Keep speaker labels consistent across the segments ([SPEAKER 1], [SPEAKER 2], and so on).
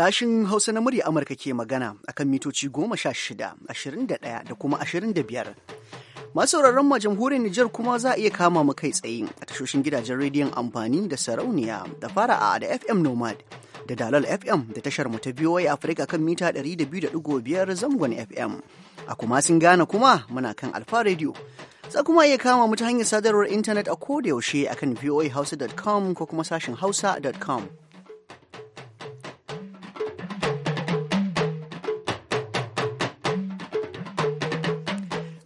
[SPEAKER 1] Sashin Hausa na murya Amurka ke magana akan mitoci goma sha shida, ashirin da ɗaya da kuma ashirin da biyar. Masu sauraron ma jamhuriyar Nijar kuma za a iya kama mu kai tsaye a tashoshin gidajen rediyon amfani da sarauniya da fara a da FM Nomad da Dalal FM da tashar mu ta biyo afirka kan mita 200.5 zangon FM. A kuma sun gane kuma muna kan Alfa Radio. Za kuma iya kama mu ta hanyar sadarwar intanet a yaushe akan voahausa.com ko kuma sashin hausa.com.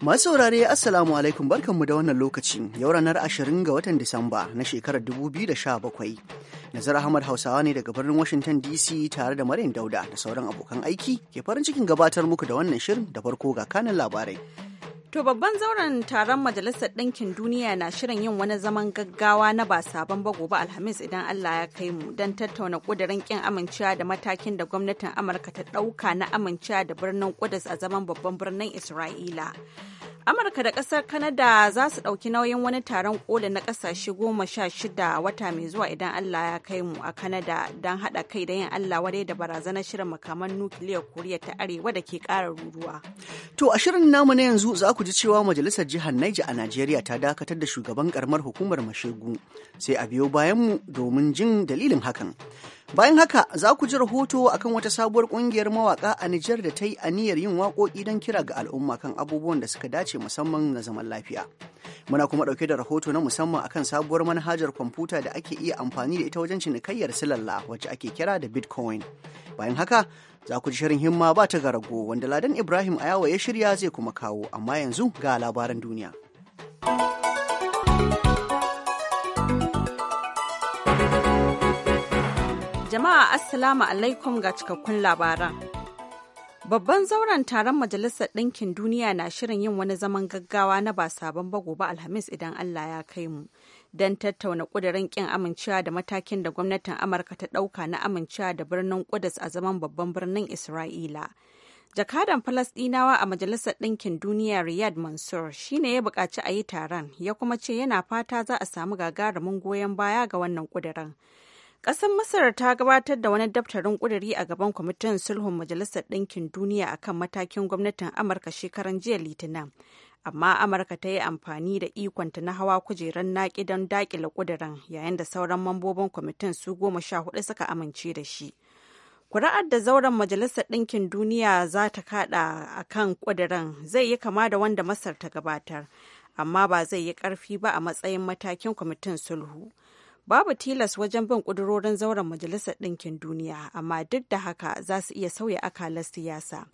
[SPEAKER 1] Masu saurare Assalamu alaikum barkanmu da wannan lokaci yau ranar 20 ga watan Disamba na shekarar 2017. Nazar Ahmad Hausawa ne daga birnin Washington DC tare da Maryam Dauda da sauran abokan aiki ke farin cikin gabatar muku da wannan shirin da farko ga kanin labarai.
[SPEAKER 2] To babban zauren taron Majalisar Ɗinkin Duniya na shirin yin wani zaman gaggawa na ba sabon ba gobe Alhamis idan Allah ya kai mu don tattauna ƙudurin ƙin amincewa da matakin da gwamnatin Amurka ta ɗauka na amincewa da birnin Ƙudus a zaman babban birnin Isra'ila. Amurka da ƙasar Kanada za su ɗauki nauyin wani taron ƙola na ƙasashe goma sha shida wata mai zuwa idan Allah ya kai mu a Kanada don haɗa kai da yin Allah wadai da barazanar shirin makaman nukiliyar Koriya ta Arewa da ke ƙara ruruwa.
[SPEAKER 1] To a shirin namu na yanzu za ku ji cewa majalisar jihar Naija a Najeriya ta dakatar da shugaban karamar hukumar Mashegu sai a biyo bayan mu domin jin dalilin hakan. Bayan haka za ku ji rahoto akan wata sabuwar kungiyar mawaka a Nijar da ta yi aniyar yin waƙoƙi don kira ga al'umma kan abubuwan da suka dace musamman na zaman lafiya. Muna kuma ɗauke da rahoto na musamman akan sabuwar manhajar kwamfuta da ake iya amfani da ita wajen cinikayyar silalla wacce ake kira da Bitcoin. Bayan haka za ku ji shirin himma ba ta garago wanda Ladan Ibrahim Ayawa ya shirya zai kuma kawo amma yanzu ga labaran duniya.
[SPEAKER 2] Jama'a Assalamu alaikum ga cikakkun labaran. Babban zauren taron Majalisar Ɗinkin Duniya na shirin yin wani zaman gaggawa na ba sabon ba gobe Alhamis idan Allah ya kai mu. Don tattauna ƙudurin ƙin amincewa da matakin da gwamnatin Amurka ta ɗauka na amincewa da birnin Ƙudus a zaman babban birnin Isra'ila. jakadan Falasɗinawa a majalisar ɗinkin duniya riyad mansur shi ne ya buƙaci a yi taron ya kuma ce yana fata za a samu gagarumin goyon baya ga wannan ƙudurin Ƙasar Masar ta gabatar da wani daftarin ƙuduri a gaban kwamitin sulhun Majalisar Ɗinkin Duniya akan matakin gwamnatin Amurka shekaran jiya Litinin. Amma Amurka ta yi amfani da ikonta na hawa kujerar naƙi don daƙile ƙudurin yayin da sauran mambobin kwamitin su goma sha hudu suka amince da shi. Kuri'ar da zauren Majalisar Ɗinkin Duniya za ta kaɗa a kan ƙudurin zai yi kama da wanda Masar ta gabatar, amma ba zai yi ƙarfi ba a matsayin matakin kwamitin sulhu. Babu tilas wajen bin ƙudurorin zauren Majalisar Ɗinkin Duniya, amma duk da haka za su iya sauya akalar siyasa.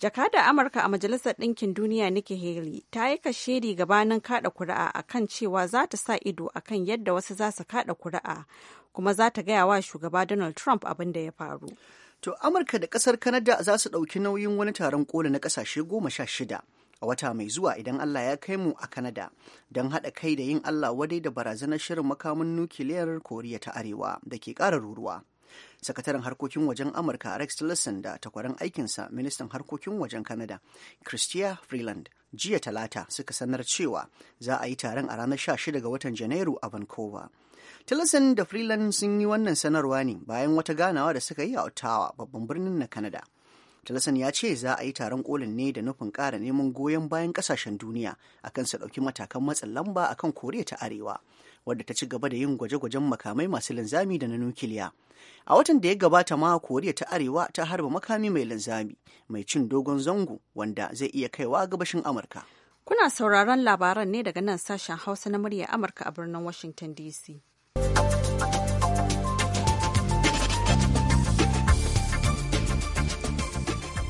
[SPEAKER 2] jakadar amurka a majalisar ɗinkin duniya nikki haley ta yi kashedi gabanin kada kuri'a akan cewa za ta sa ido akan yadda wasu za su kada kuri'a kuma za ta gaya wa shugaba donald trump abin da ya faru to amurka da kasar kanada za su ɗauki nauyin
[SPEAKER 1] wani taron kola na ƙasashe goma sha shida a wata mai zuwa idan Allah ya kai mu a Kanada don haɗa kai da yin Allah wadai da barazanar shirin makamin nukiliyar Koriya ta Arewa da ke ƙara ruruwa. Sakataren harkokin wajen Amurka Rex Tillerson da takwaran aikinsa ministan harkokin wajen Kanada Christia Freeland jiya talata suka sanar cewa za a yi taron a ranar 16 ga watan Janairu a Vancouver. Tillerson da Freeland sun yi wannan sanarwa ne bayan wata ganawa da suka yi a Ottawa babban birnin na Kanada. Tillerson ya ce za a yi taron kolin ne da nufin ƙara neman goyon bayan ƙasashen duniya a kan sa ɗauki matakan matsin lamba a kan Koriya ta Arewa. wadda ta ci gaba da yin gwaje-gwajen makamai masu linzami da na nukiliya. A watan da ya gabata ma Koriya ta Arewa ta harba makami mai linzami mai cin dogon zango wanda zai iya kaiwa gabashin Amurka.
[SPEAKER 2] Kuna sauraron labaran ne daga nan sashen Hausa na murya Amurka a birnin Washington DC.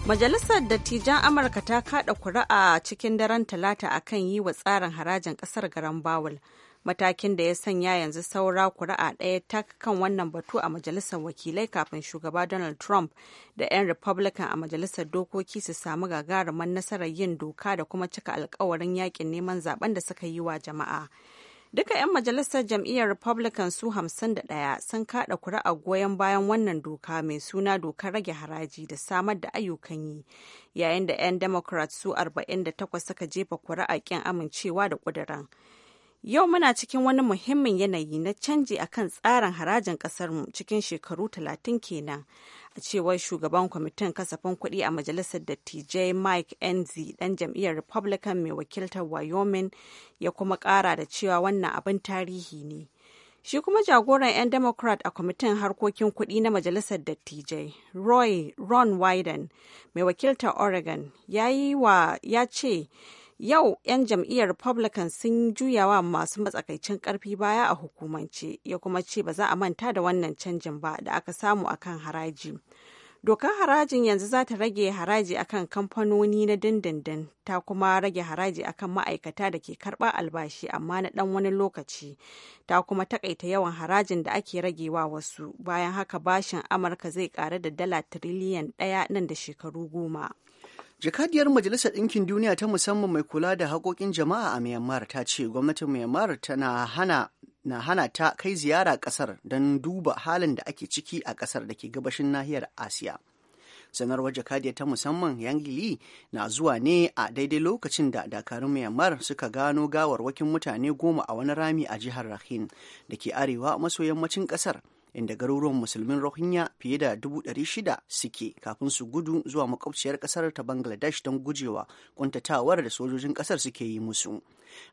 [SPEAKER 2] Majalisar Dattijan Amurka ta kada kuri'a cikin daren Talata akan yi wa tsarin harajin kasar garan Bawul. Matakin da ya sanya yanzu saura kuri'a ɗaya ta kan wannan batu a Majalisar Wakilai kafin shugaba Donald Trump da 'yan Republican a Majalisar Dokoki su samu gagarumin nasarar yin doka da kuma cika alkawarin yakin neman zaben da suka yi wa jama'a. Duka 'yan majalisar jam'iyyar Republican su 51 sun kada kuri'a goyon bayan wannan doka mai suna dokar rage haraji da samar da ayyukan yi, yayin da 'yan Democrat su 48 suka jefa kuri'a kin amincewa da ƙuduran. Yau muna cikin wani muhimmin yanayi na canji a kan tsarin harajin ƙasarmu cikin shekaru talatin kenan, a cewar shugaban kwamitin kasafin kuɗi a majalisar dattijai Mike Enzi ɗan jam'iyyar Republican mai wakiltar Wyoming ya kuma ƙara da cewa wannan abin tarihi ne. Shi kuma jagoran 'yan Democrat a kwamitin harkokin kuɗi na majalisar dattijai, Roy Ron Wyden mai wakiltar Oregon, ya ce Yau 'yan jam'iyyar Republican sun juyawa masu matsakaicin karfi baya a hukumance ya kuma ce ba za a manta da wannan canjin ba da aka samu akan haraji. Dokar harajin yanzu za ta rage haraji akan kamfanoni na dindindin ta kuma rage haraji akan ma'aikata da ke karɓar albashi amma na ɗan wani lokaci ta kuma takaita yawan harajin da ake ragewa wasu bayan haka bashin Amurka zai ƙaru da dala tiriliyan ɗaya nan da shekaru goma.
[SPEAKER 1] Jakadiyar Majalisar Ɗinkin Duniya ta musamman mai kula da haƙoƙin jama'a a Myanmar ta ce gwamnatin Myanmar tana hana na hana ta kai ziyara ƙasar don duba halin da ake ciki a ƙasar da ke gabashin nahiyar Asiya. sanarwar Jakadiyar ta musamman yang li na zuwa ne a daidai lokacin da dakarun myanmar suka gano gawarwakin mutane goma a wani rami a jihar rakhine da ke arewa maso yammacin ƙasar. inda garuruwan musulmin rohingya fiye da 600 suke kafin su gudu zuwa makwabciyar kasar ta bangladesh don gujewa kuntatawar da sojojin kasar suke yi musu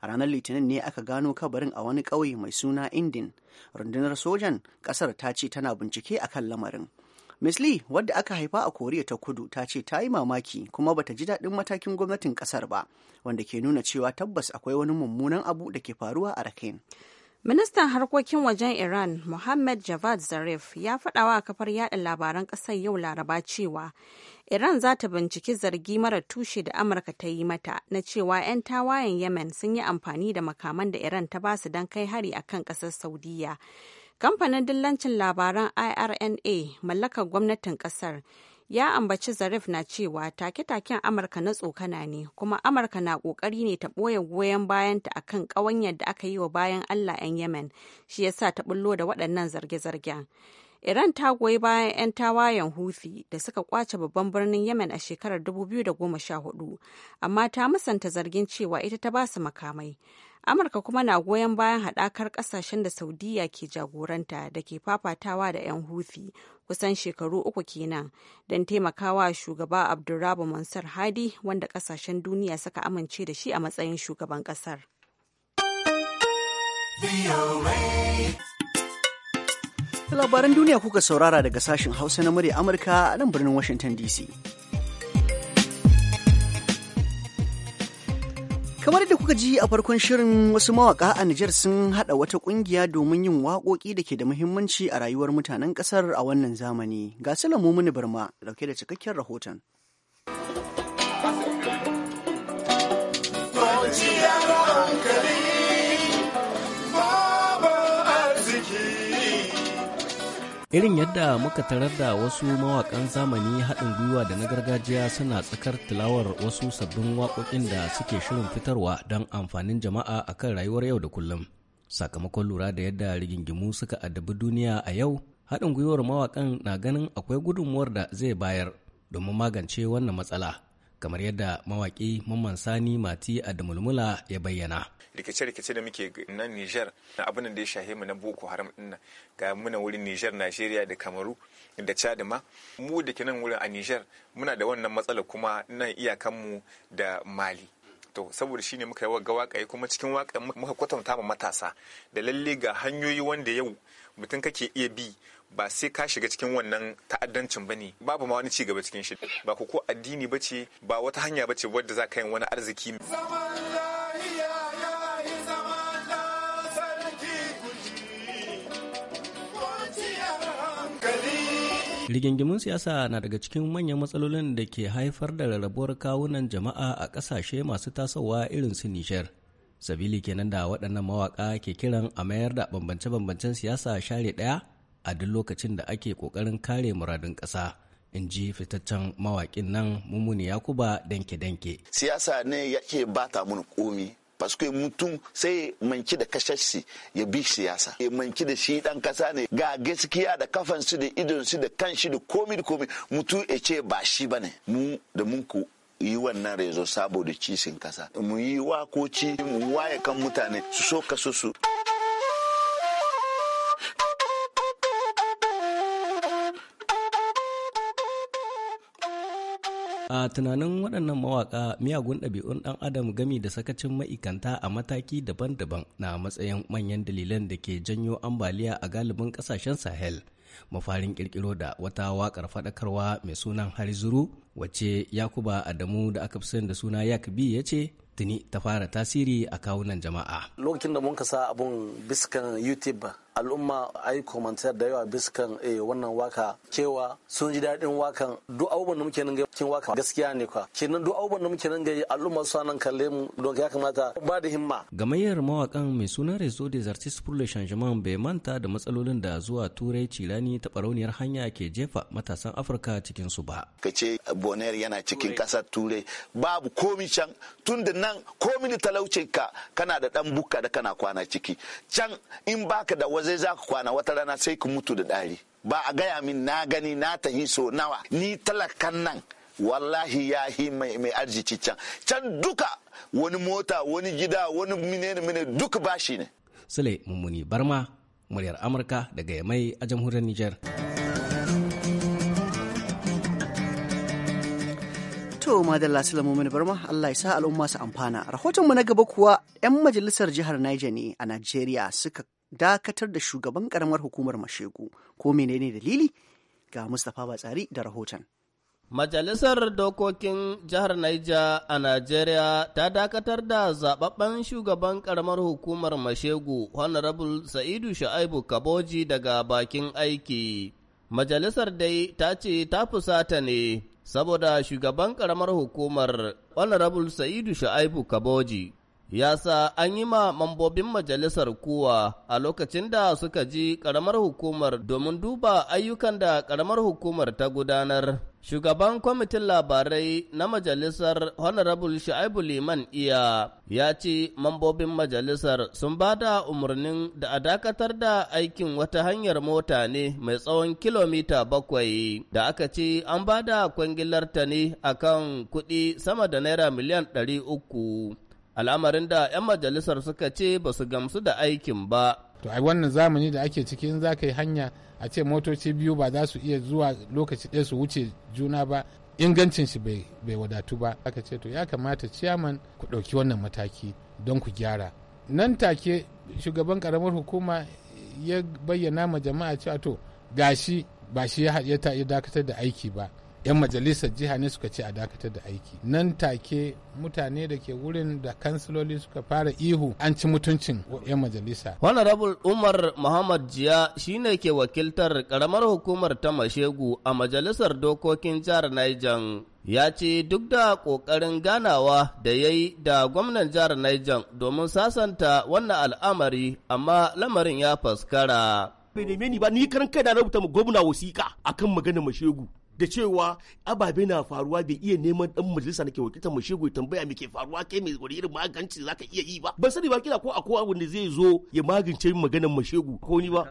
[SPEAKER 1] a ranar litinin ne aka gano kabarin a wani ƙauye mai suna indin rundunar sojan kasar ta ce tana bincike a kan lamarin Ms. Lee, wadda aka haifa a Koriya ta Kudu, ta ce ta yi mamaki kuma bata ji daɗin matakin gwamnatin ƙasar ba, wanda ke nuna cewa tabbas akwai wani mummunan abu
[SPEAKER 2] da ke faruwa a rakin Ministan harkokin wajen Iran, Mohammed Javad Zarif, ya faɗawa a kafar yaɗa labaran ƙasar yau Laraba cewa Iran za ta binciki zargi mara tushe da Amurka ta yi mata na cewa 'yan tawayen Yemen sun yi amfani da makaman da Iran ta basu don kai hari a kan ƙasar Saudiyya, Kamfanin dillancin labaran IRNA mallakar gwamnatin ƙasar ya ambaci zarif na cewa take-taken amurka na tsokana ne kuma amurka na kokari ne ta ɓoye goyon bayanta akan ƙawanyar da aka yi wa bayan allah 'yan yemen shi ya sa ta bullo da waɗannan zarge-zargen iran ta goyi bayan 'yan tawayen houthi da suka kwace babban birnin yemen a shekarar 2014 amma ta musanta zargin cewa ita ta basu makamai amurka kuma na goyon bayan haɗakar ƙasashen da saudiya ke jagoranta da ke fafatawa da 'yan huthi kusan shekaru uku kenan don taimakawa shugaba abdurrabu mansar hadi wanda ƙasashen duniya suka amince da shi a matsayin shugaban ƙasar labaran
[SPEAKER 1] duniya kuka saurara daga sashen hausa na murya amurka a nan birnin washington dc Kamar da kuka ji a farkon shirin wasu mawaka a Nijar sun haɗa wata ƙungiya domin yin waƙoƙi da ke da muhimmanci a rayuwar mutanen ƙasar a wannan zamani. Ga Sulamu Muni Barma dauke da cikakken rahoton.
[SPEAKER 3] irin yadda muka tarar da wasu mawakan zamani haɗin gwiwa da na gargajiya suna tsakar tilawar wasu sabbin waƙoƙin da suke shirin fitarwa don amfanin jama'a a kan rayuwar yau da kullum sakamakon lura da yadda rigingimu suka addabi duniya a yau haɗin gwiwar mawakan na ganin akwai gudunmuwar da zai bayar domin magance wannan matsala kamar yadda mawaƙi Mamman Sani Mati mulmula ya bayyana.
[SPEAKER 4] Rikice-rikice da muke nan niger na abin da ya shahe mu na Boko Haram ɗin ga muna wurin Nijar, nigeria da Kamaru da Chad ma mu da ke nan wurin a niger muna da wannan matsala kuma nan mu da Mali. to saboda shine muka yi ga waƙa kuma cikin waka muka kwatanta ma matasa da lalle ga hanyoyi wanda yau mutum kake iya bi ba sai ka shiga cikin wannan ta'addancin ne. babu ma wani ci gaba cikin shi ba ko addini ba ce. ba wata hanya ba ce wadda za ka yi wani arziki
[SPEAKER 3] rigingimin siyasa na daga cikin manyan matsalolin da ke haifar da rarrabuwar kawunan jama'a a ƙasashe masu tasowa irin su nijar sabili kenan da waɗannan mawaƙa ke kiran a mayar da bambance-bambancen siyasa share ɗaya a duk lokacin da ake ƙoƙarin kare muradin ƙasa. in ji fitaccen mawaƙin nan mummuni yakuba danke-danke.
[SPEAKER 5] siyasa ne yake bata mun komi paske mutum sai manki da kashashi ya bi siyasa ya manki da shi dan kasa ne ga gaskiya da kafansu da idonsu da kanshi da komi da komi mutum ya ce ba shi bane mu da munku yi wannan rezo saboda cisin kasa mu yi wakoci mu waye kan mutane su so kaso su.
[SPEAKER 3] a tunanin waɗannan mawaƙa miyagun ɗabi'un ɗan adam gami da sakacin ma'ikanta a mataki daban-daban na matsayin manyan dalilan da ke janyo ambaliya a galibin ƙasashen sahel mafarin ƙirƙiro da wata waƙar faɗakarwa mai sunan harizuru wacce yakuba adamu da aka fi sani da suna yakubi ya ce tuni ta fara tasiri a kawunan jama'a lokacin da mun sa abun biskan youtube al'umma a yi komantar da yawa biskan eh, wannan waka cewa sun ji daɗin wakan duk abubuwan da muke nan ga cikin waka gaskiya ne kwa kenan duk abubuwan da muke nan ga al'umma su nan kalle mu don ya kamata ba da himma gamayyar mawakan mai suna Rezo des Artistes pour le Changement bai manta da matsalolin da zuwa turai cilani ta barauniyar hanya ke jefa matasan Afirka cikin su ba
[SPEAKER 5] kace bonaire yana cikin kasar turai babu komi can tun da nan komi da talaucin ka kana da dan bukka da kana kwana ciki can in baka da wazai za ka kwana wata rana sai ka mutu da dari ba a gaya min na gani na tahi so nawa ni talakan nan wallahi ya hi mai arziki can can duka wani mota wani gida wani minene mine
[SPEAKER 3] duka bashi ne sule mummuni barma muryar amurka daga yamai a jamhuriyar nijar.
[SPEAKER 1] To madalla Sulamu Mini Barma Allah ya sa al'umma su amfana. Rahotonmu na gaba kuwa 'yan majalisar jihar Niger ne a Najeriya suka dakatar da shugaban karamar hukumar Mashegu. Ko menene dalili? Ga Mustapha Batsari da rahoton.
[SPEAKER 6] Majalisar Dokokin Jihar Naija a Najeriya ta dakatar da zababben shugaban karamar hukumar Mashegu Honorable Sa'idu Sha'aibu Kaboji daga bakin aiki. Majalisar dai ta ce ta fusata ne saboda shugaban ƙaramar hukumar honorable sa'idu sha'aibu kaboji ya sa an yi ma mambobin majalisar kuwa a lokacin da suka ji ƙaramar hukumar domin duba ayyukan da ƙaramar hukumar ta gudanar. Shugaban kwamitin labarai na majalisar Honorable Sha'ibu Liman Iya ya ce mambobin majalisar sun ba da umarnin da a dakatar da aikin wata hanyar mota ne mai tsawon kilomita bakwai da aka ce an ba da kwangilar ta ne a kan kuɗi sama da naira miliyan ɗari uku al'amarin da 'yan majalisar suka ce ba su gamsu da aikin ba
[SPEAKER 7] to ai wannan zamani da ake ciki in za ka yi hanya a ce motoci biyu ba za su iya zuwa lokaci ɗaya su wuce juna ba ingancin shi bai wadatu ba aka ce to ya kamata ciyaman ku ɗauki wannan mataki don ku gyara nan take shugaban karamar hukuma ya bayyana ma jama'a cewa to gashi ba shi ya dakatar da aiki ba 'yan majalisar jiha ne suka ce a dakatar da aiki nan take mutane da ke wurin da kansiloli suka fara ihu an ci mutuncin 'yan majalisa
[SPEAKER 6] honorable umar muhammad jiya shine ke wakiltar karamar hukumar ta mashegu a majalisar dokokin jihar niger ya ce duk da ƙoƙarin ganawa da ya yi da gwamnan jihar niger domin sasanta wannan al'amari amma lamarin ya faskara bai neme ni ba ni karan kai na rubuta
[SPEAKER 3] gwamna wasiƙa akan magana mashegu da cewa ababe na faruwa bai iya neman dan majalisa nake wakilta mu shigo tambaya me ke faruwa kai mai wani irin maganci zaka iya yi ba ban sani ba kila ko akwai wanda zai zo ya magance maganar mashegu ko ni ba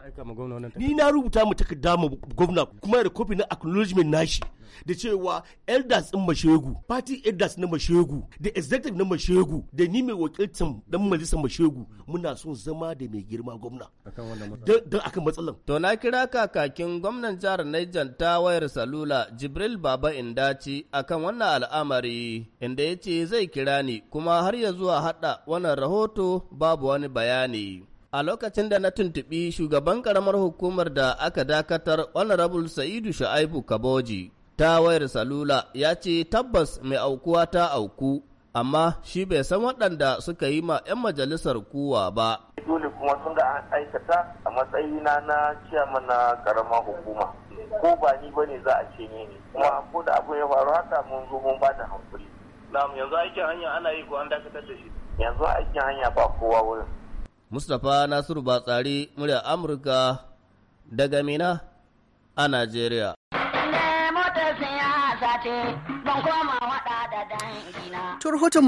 [SPEAKER 3] ni na rubuta mu takarda mu gwamna kuma da kofi na acknowledgement nashi da cewa elders din mashegu party elders na mashegu da executive na mashegu da ni mai wakilcin dan majalisar mashegu muna son zama da mai girma gwamna don akan matsalan to na kira kakakin
[SPEAKER 6] gwamnan jihar Niger ta wayar salula Jibril Baba Indaci akan wannan al'amari inda ya ce zai kira ni kuma har ya zuwa hada wannan rahoto babu wani bayani a lokacin da na tuntuɓi shugaban ƙaramar hukumar da aka dakatar honorable sa'idu sha'aibu kaboji ta wayar salula ya ce tabbas mai aukuwa ta auku amma shi bai san waɗanda suka yi ma 'yan majalisar kuwa ba.
[SPEAKER 8] Dole kuma sun ga aikata a matsayina na ciyama na karama hukuma. Ko ba ni ba ne za a ce ne kuma ko da abu ya faru haka mun zo mun ba da
[SPEAKER 6] hankuri. Na'am yanzu aikin hanya ana yi ko an dakatar da shi. Yanzu aikin hanya ba kowa wurin. Mustapha Nasiru Batsari, murya Amurka daga Mina a Najeriya.
[SPEAKER 5] ce ban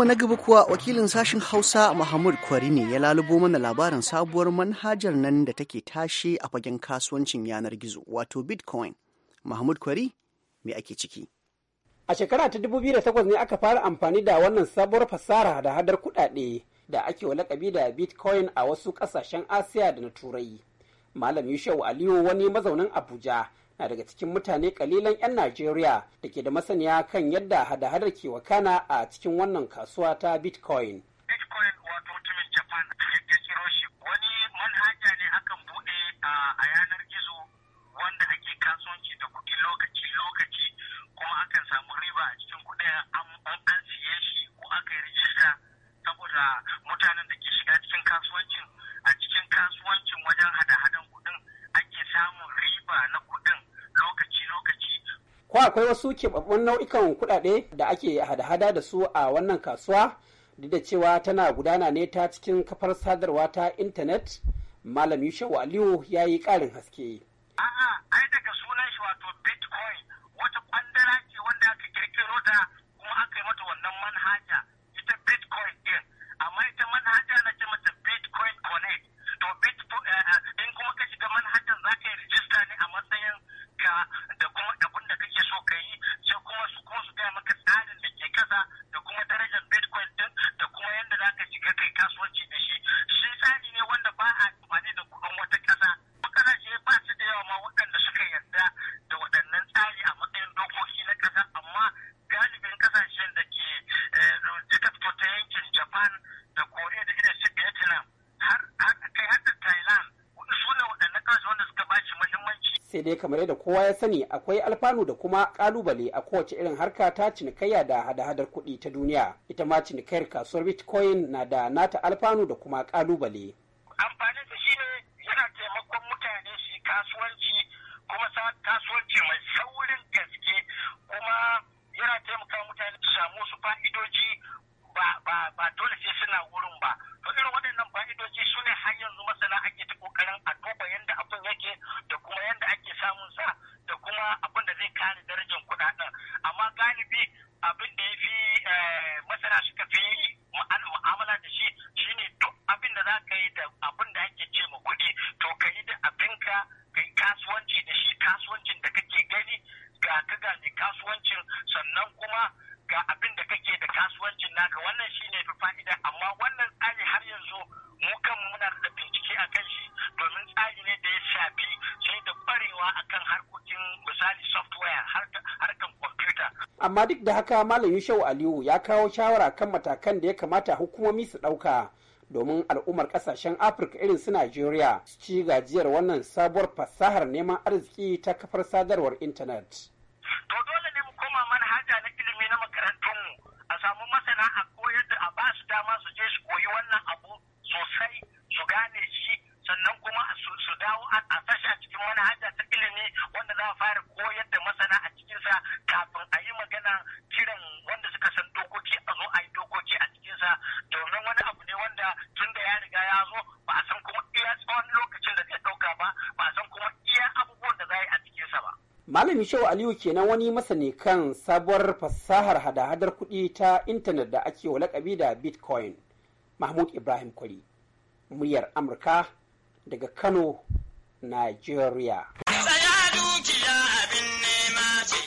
[SPEAKER 1] na gaba kuwa wakilin sashen Hausa Muhammad Kwari ne ya lalubo mana labarin sabuwar manhajar nan da take tashe a fagen kasuwancin yanar gizo wato Bitcoin. Muhammad Kwari me ake ciki? A shekara ta 2008
[SPEAKER 4] ne aka fara amfani da wannan sabuwar fasara da hadar kudade da ake lakabi da Bitcoin a wasu kasashen Asiya da na Turai. Malam Yushau Aliyu wani mazaunin Abuja na daga cikin mutane kalilan 'yan Najeriya da ke da masaniya kan yadda hada-hadar ke wakana a cikin wannan kasuwa ta Bitcoin. Bitcoin wato
[SPEAKER 5] mutumin Japan ya shi wani manhaja ne akan buɗe a yanar gizo wanda ake kasuwanci da kuɗi lokaci-lokaci kuma akan samu riba a cikin kuɗi an siye shi ko aka yi rijista saboda mutanen da ke shiga cikin kasuwancin a cikin kasuwancin wajen hada-hadan kuɗin ake samun riba na kuɗin
[SPEAKER 4] ko akwai wasu keɓaɓɓun nau'ikan kuɗaɗe da ake hada-hada da su a wannan kasuwa duk da cewa tana gudana ne ta cikin kafar sadarwa ta intanet malam yushewa aliyu ya yi ƙarin haske
[SPEAKER 5] a'a ai daga sunan shi wato wata ce wanda aka kirkiro ta, kuma aka yi mata wannan manhaja
[SPEAKER 4] daidai kamar yadda kowa ya sani akwai alfanu da kuma kalubale a kowace irin harka ta cinikayya da hada-hadar kuɗi ta duniya ita ma cinikayyar kasuwar bitcoin na da nata alfanu da kuma kalubale amma duk da haka malam yushau aliyu ya kawo shawara kan matakan da ya kamata hukumomi su ɗauka domin al'ummar kasashen afirka irin su najeriya su ci gajiyar wannan sabuwar fasahar neman arziki ta kafar sadarwar intanet to dole ne mu koma manhaja
[SPEAKER 5] na ilimi na makarantunmu a samu masana a koyar da a ba su dama su je su koyi wannan abu sosai su gane shi sannan kuma su dawo a sashi a cikin manhaja ta ilimi wanda za a fara koyar da masana a cikinsa kafin a yi magana kiran wanda suka san dokoki a zo a yi dokoki a cikinsa domin wani abu ne wanda tun da ya riga ya zo ba a san kuma iya tsawon lokacin da zai ɗauka ba ba a san kuma iya
[SPEAKER 4] abubuwan da za a yi a cikinsa ba. Malami Shehu Aliyu kenan wani masani kan sabuwar fasahar hada-hadar kuɗi ta intanet da ake wa lakabi da Bitcoin. Mahmud Ibrahim Kwari, muryar Amurka daga Kano, Nigeria. Tsaya
[SPEAKER 5] dukiya abin nema ce,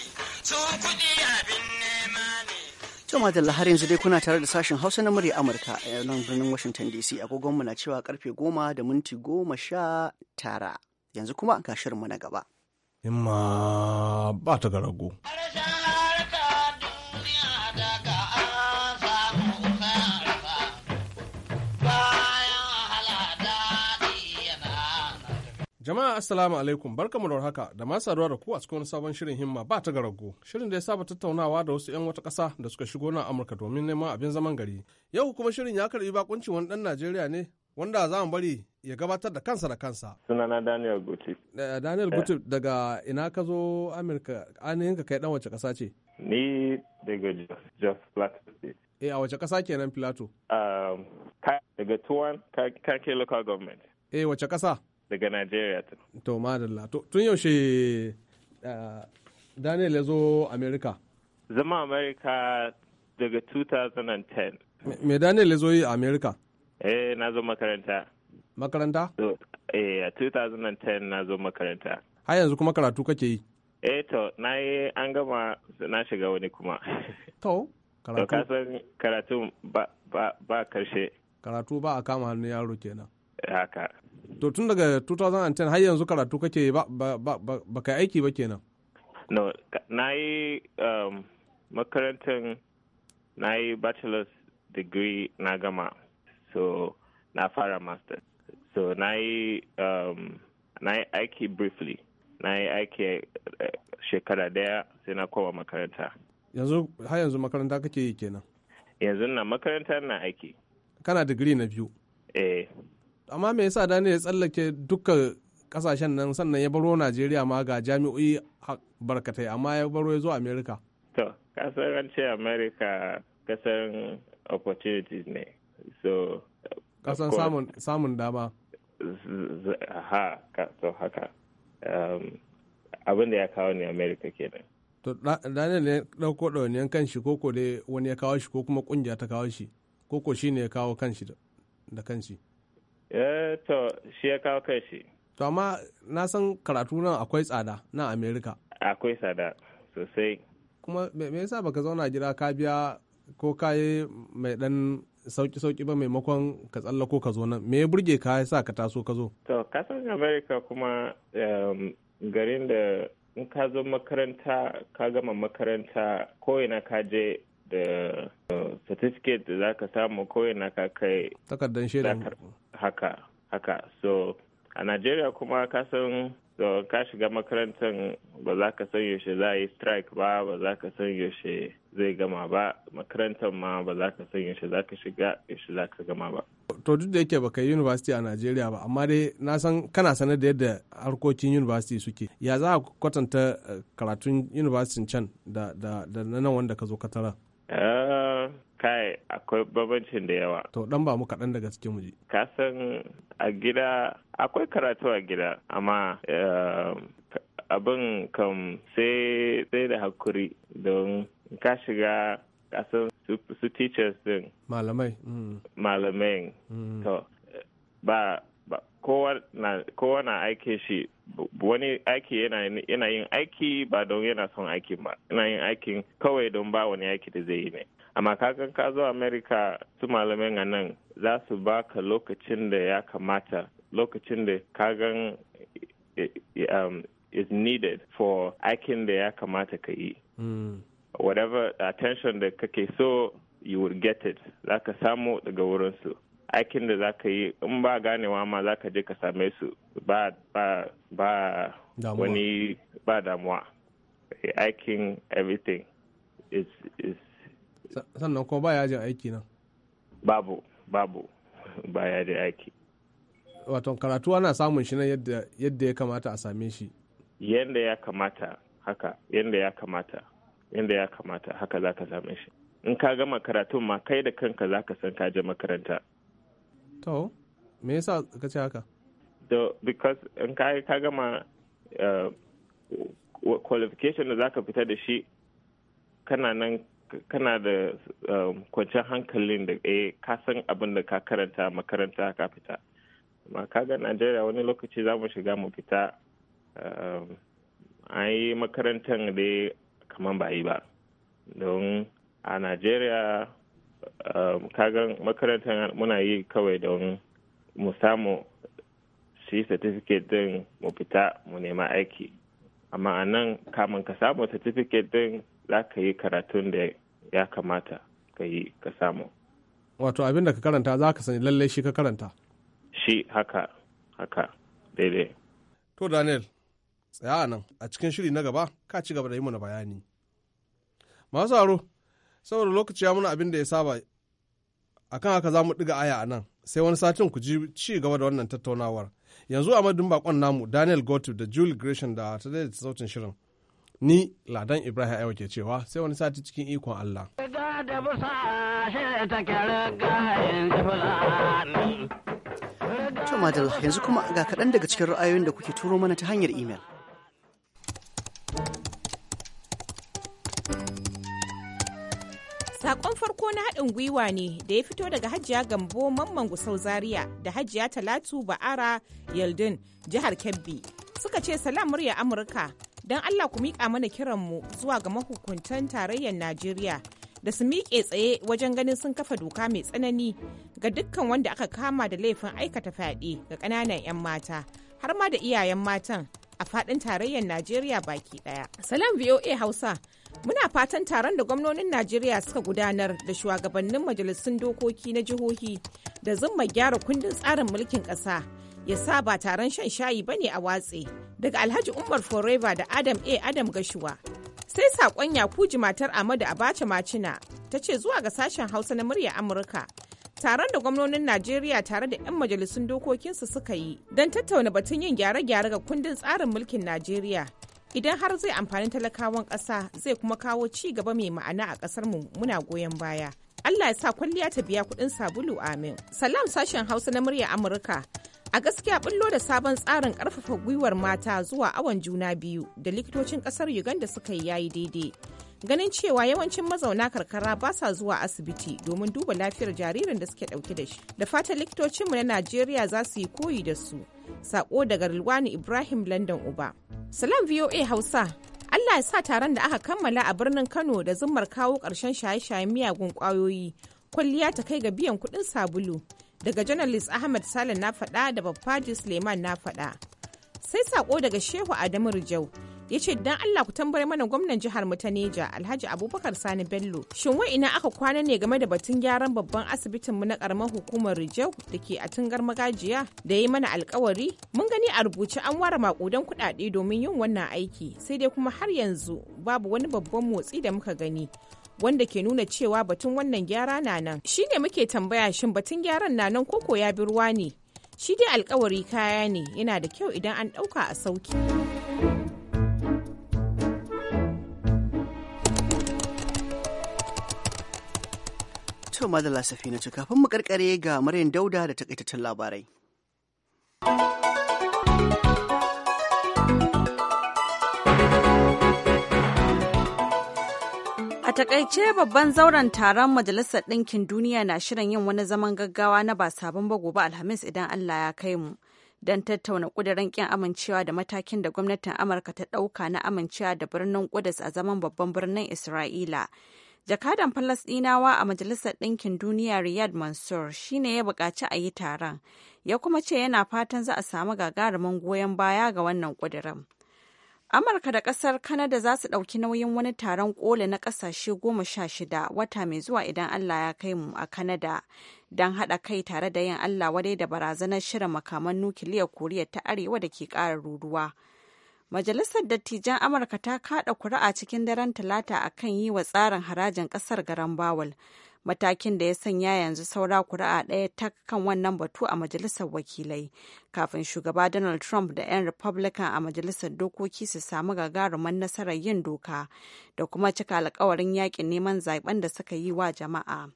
[SPEAKER 5] abin
[SPEAKER 1] nema ne. da har yanzu dai kuna tare da sashen Hausa na murya Amurka a nan birnin Washington DC agogonmu na cewa karfe goma da minti goma sha tara. Yanzu kuma ga shirinmu na gaba.
[SPEAKER 7] Imma ba ta garago. Jama'a Assalamu alaikum barkamu da warhaka da ma saduwa da ku a cikin sabon shirin himma ba ta garago. Shirin da ya saba tattaunawa da wasu 'yan wata ƙasa da suka shigo na Amurka domin neman abin zaman gari. Yau kuma shirin ya karbi bakuncin wani ɗan Najeriya ne wanda za mu bari ya gabatar da kansa da kansa. Sunana Daniel Gutib. Daniel Gutib daga ina ka zo Amurka ainihin ka kai ɗan wace ƙasa ce?
[SPEAKER 8] Ni daga Jos
[SPEAKER 7] Plateau State. Eh
[SPEAKER 8] a wace ƙasa kenan Plateau? Um, daga Tuwan Kake Local Government.
[SPEAKER 7] Eh wace ƙasa?
[SPEAKER 8] daga Najeriya.
[SPEAKER 7] To madalla. Tun yaushe ah, Daniel ya zo Amerika?
[SPEAKER 8] Zama Amerika daga 2010.
[SPEAKER 7] Me Daniel ya zo yi a Amerika?
[SPEAKER 8] Eh na zo makaranta. Makaranta? Eh a 2010 na zo makaranta.
[SPEAKER 7] Har yanzu kuma karatu kake yi?
[SPEAKER 8] Eh to na yi an gama na shiga wani kuma.
[SPEAKER 7] To karatu. To kasan
[SPEAKER 8] karatu ba karshe.
[SPEAKER 7] Karatu ba a kama hannun yaro kenan. Eh, haka. to tun daga 2010 har yanzu karatu kake ba ba kai aiki ba kenan no
[SPEAKER 8] na yi um, makarantar na yi bachelor's degree na gama so na fara master so na yi um, na yi aiki briefly na yi aiki eh, shekara daya sai na koma makaranta
[SPEAKER 7] yanzu har yanzu makaranta kake yi kenan
[SPEAKER 8] yanzu na makaranta na aiki
[SPEAKER 7] kana digiri na biyu eh amma me yasa Daniel ya tsallake duka kasashen nan sannan ya baro najeriya ma ga jami'o'i barkatai amma ya baro ya zo amerika. to
[SPEAKER 8] kasar an ce america kasan opportunities ne so kasan samun
[SPEAKER 7] samun dama
[SPEAKER 8] ha to haka um, abin da ya kawo ne amerika kenan
[SPEAKER 7] to daniel ne dauko ɗauniyan kan shi koko dai wani ya kawo shi ko kuma kungiya ta kawo shi koko shi ne ya kawo kan shi da kan shi
[SPEAKER 8] Eh, to shi ya kawo kai shi
[SPEAKER 7] to amma na san karatu nan akwai tsada na america
[SPEAKER 8] akwai tsada sosai
[SPEAKER 7] kuma me yasa baka zauna gida ka biya ko ka yi mai dan sauki sauki ba maimakon ka tsallako ka zo nan me ya burge ka ya sa ka taso ka zo
[SPEAKER 8] to kasan america kuma garin da in ka zo makaranta ka gama makaranta ko ina ka je da certificate da za ka samu kawai na ka kai takardar haka haka so a najeriya kuma ka san ka shiga makarantar ba za ka san yaushe za a yi strike ba ba za ka san yaushe zai gama ba makarantar ma ba za ka san yaushe za ka shiga yaushe za ka gama ba
[SPEAKER 7] to duk da yake baka yi university a najeriya ba amma dai na san kana sanar da yadda harkokin university suke ya za a kwatanta eh, karatun university can da nan wanda ka zo ka tara
[SPEAKER 8] Ah, kai akwai babancin da yawa.
[SPEAKER 7] To dan ba mu kaɗan daga cikin muji
[SPEAKER 8] Ka san a gida akwai karatu a gida amma eh, abin kan sai sai da hakuri don ka shiga kasan su teachers din.
[SPEAKER 7] Malamai. Mm.
[SPEAKER 8] Malamai. Mm. To ba kowa na aike shi wani aiki yana yin aiki ba don yana son aiki ba yana yin aikin kawai don ba wani aiki da zai yi ne amma kakan ka zo america su malamin a nan za su ka lokacin da ya kamata lokacin da kagan eh, eh, um, is needed for aikin da ya kamata ka yi hmm. whatever attention da kake so you will get it za ka samu daga wurinsu aikin da za ka yi in ba ganewa ma za ka je ka same su ba ba ba wani ba damuwa aikin everything is is
[SPEAKER 7] sannan kuma ba yajin aiki nan
[SPEAKER 8] babu babu ba yajin aiki
[SPEAKER 7] wato karatu ana samun shi nan yadda ya kamata a same shi
[SPEAKER 8] yadda ya kamata haka yadda ya kamata yadda ya kamata haka za ka same shi in ka gama karatun ma kai da kanka za ka san ka je makaranta
[SPEAKER 7] to me yasa ka ce haka
[SPEAKER 8] da because in ka ka gama eh, qualification da zaka fita da shi kana nan kana da um, kwanciyar hankalin da eh ka san abin da ka karanta makaranta ka fita amma kaga Najeriya wani lokaci zamu shiga mu fita um, an yi makarantar da kamar ba yi ba don a Najeriya Um, kagan makarantar muna yi kawai don mu samu shi certificate din mu fita mu nema aiki amma a nan kamun ka samu certificate din za ka yi karatun da ya kamata ka yi ka samu
[SPEAKER 7] wato abin da ka karanta za ka sani lallai shi ka karanta
[SPEAKER 8] shi haka haka daidai
[SPEAKER 7] to daniel tsaya nan a cikin shiri na gaba ka ci gaba da yi mana bayani masu aro saboda lokaci ya muna abin da ya saba a kan haka za mu ɗiga aya a nan sai wani satin ku ji ci gaba da wannan tattaunawar yanzu a madadin bakon namu daniel gotu da julie gresham da ta daidaita sautin shirin ni ladan ibrahim aiwa ke cewa sai wani sati cikin ikon allah
[SPEAKER 1] to yanzu kuma ga kaɗan daga cikin ra'ayoyin da kuke turo mana ta hanyar imel.
[SPEAKER 9] wani haɗin gwiwa ne da ya fito daga Hajiya Gambo Mamman Gusau Zaria da Hajiya Talatu Ba'ara Yaldin jihar Kebbi. Suka ce salam murya Amurka don Allah ku miƙa mana kiranmu zuwa ga mahukuntan tarayyar Najeriya da su miƙe tsaye wajen ganin sun kafa doka mai tsanani ga dukkan wanda aka kama da laifin aikata fyaɗe ga ƙananan 'yan mata har ma da iyayen matan a faɗin tarayyar Najeriya baki ɗaya. Salam VOA Hausa. Muna fatan taron da gwamnonin Najeriya suka gudanar da shugabannin majalisun dokoki na jihohi da zumma gyara kundin tsarin mulkin ƙasa ya sa ba taron shan shayi ba ne a watse daga Alhaji Umar Forever da Adam A. Adam Gashuwa. Sai saƙon Yakuji matar Amadu Abacha Macina ta ce zuwa ga sashen Hausa na murya Amurka. taron da gwamnonin Najeriya tare da 'yan majalisun dokokinsu suka yi don tattauna batun yin gyare-gyare ga kundin tsarin mulkin Najeriya idan har zai amfani talakawan ƙasa zai kuma kawo ci gaba mai ma'ana a ƙasar mu muna goyon baya Allah ya sa kwalliya ta biya kuɗin sabulu amin salam sashen hausa na murya amurka a gaskiya bullo da sabon tsarin ƙarfafa gwiwar mata zuwa awon juna biyu da likitocin ƙasar uganda suka yi yayi daidai ganin cewa yawancin mazauna karkara ba sa zuwa asibiti domin duba lafiyar jaririn da suke ɗauke da shi da fatan likitocinmu na najeriya za su yi koyi da su Sako daga Rilwani Ibrahim London Uba. Salam VOA Hausa. Allah ya sa taron da aka kammala a birnin Kano da zummar kawo ƙarshen shaye-shayen miyagun ƙwayoyi. Kwalliya ta kai ga biyan kuɗin sabulu. Daga Journalist Ahmad Sale na faɗa da Babfaji Suleiman na faɗa. Sai sako daga Shehu Adamu Rijau ya ce dan Allah ku tambaye mana gwamnan jihar mu ta Neja Alhaji Abubakar Sani Bello shin wai ina aka kwana ne game da batun gyaran babban asibitin mu na karamar hukumar Rijau da ke a tungar magajiya da ya yi mana alkawari mun gani a rubuce an ware makudan kuɗaɗe domin yin wannan aiki sai dai kuma har yanzu babu wani babban motsi da muka gani wanda ke nuna cewa batun wannan gyara na nan shi da muke tambaya shin batun gyaran na nan koko ya bi ruwa ne shi dai alkawari kaya ne yana da kyau idan an ɗauka a sauki.
[SPEAKER 1] To madalla safi na kafin mu karkare ga Maryam Dauda da takaitattun labarai.
[SPEAKER 2] A takaice babban zauren taron Majalisar Ɗinkin Duniya na shirin yin wani zaman gaggawa na ba sabon ba gobe Alhamis idan Allah ya kai mu. Don tattauna ƙudurin ƙin amincewa da matakin da gwamnatin Amurka ta ɗauka na amincewa da birnin Ƙudus a zaman babban birnin Isra'ila Jakadan Falasɗinawa a Majalisar Ɗinkin Duniya Riyad Mansur shine ya buƙaci a yi taron, ya kuma ce yana fatan za a samu gagarumin goyon baya ga wannan ƙudurin. Amurka da ƙasar Kanada za su ɗauki nauyin wani taron ƙoli na ƙasashe goma sha shida wata mai zuwa idan Allah ya kai mu a Kanada don haɗa kai tare da yin Allah wadai da barazanar shirin makaman nukiliyar Koriya ta Arewa da ke ƙara ruruwa. Majalisar Dattijan Amurka ta kada kuri'a cikin daren Talata a kan yi wa tsarin harajin ƙasar garan Bawal. Matakin da ya sanya yanzu saura kuri'a ɗaya ta kan wannan batu a Majalisar Wakilai, kafin shugaba Donald Trump da 'yan Republican a Majalisar Dokoki su samu gagarumin nasarar yin doka da kuma cika alkawarin yakin neman zaben da suka yi wa jama'a.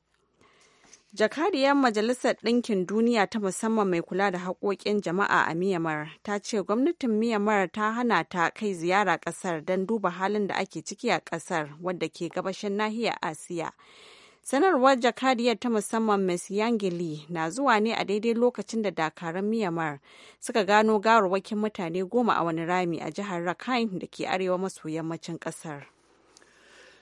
[SPEAKER 2] Jakadiyar Majalisar Ɗinkin Duniya ta musamman mai kula da haƙoƙin jama'a a Myanmar ta ce gwamnatin Myanmar ta hana ta kai ziyara ƙasar don duba halin da ake ciki a ƙasar wadda ke gabashin nahiyar Asiya. Sanarwar Jakadiyar ta musamman Ms. yangeli na zuwa ne a daidai lokacin da dakaran Myanmar suka gano gawarwakin mutane goma a wani rami a jihar Rakhine da ke arewa maso yammacin ƙasar.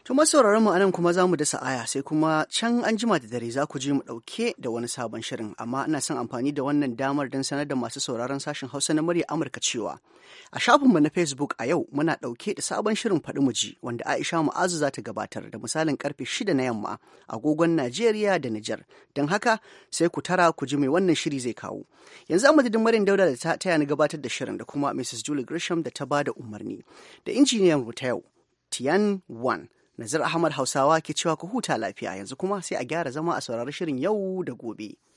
[SPEAKER 1] To masauraran mu anan kuma za mu dasa aya sai kuma can an jima da dare za ku ji mu ɗauke da wani sabon shirin amma ina son amfani da wannan damar don sanar da masu sauraron sashen Hausa na murya Amurka cewa a shafinmu na Facebook a yau muna ɗauke da sabon shirin faɗi mu ji wanda Aisha Mu'azu za ta gabatar da misalin karfe 6 na yamma agogon Najeriya da Nijar don haka sai ku tara ku ji mai wannan shiri zai kawo. Yanzu a madadin Maryam Dauda da ta taya ni gabatar da shirin da kuma Mrs. Julie Grisham da ta ba da umarni da injiniyan mu ta yau Tian Wan. Nazir Ahmad Hausawa ke cewa ku huta lafiya yanzu kuma sai a gyara zama a saurari shirin yau da gobe.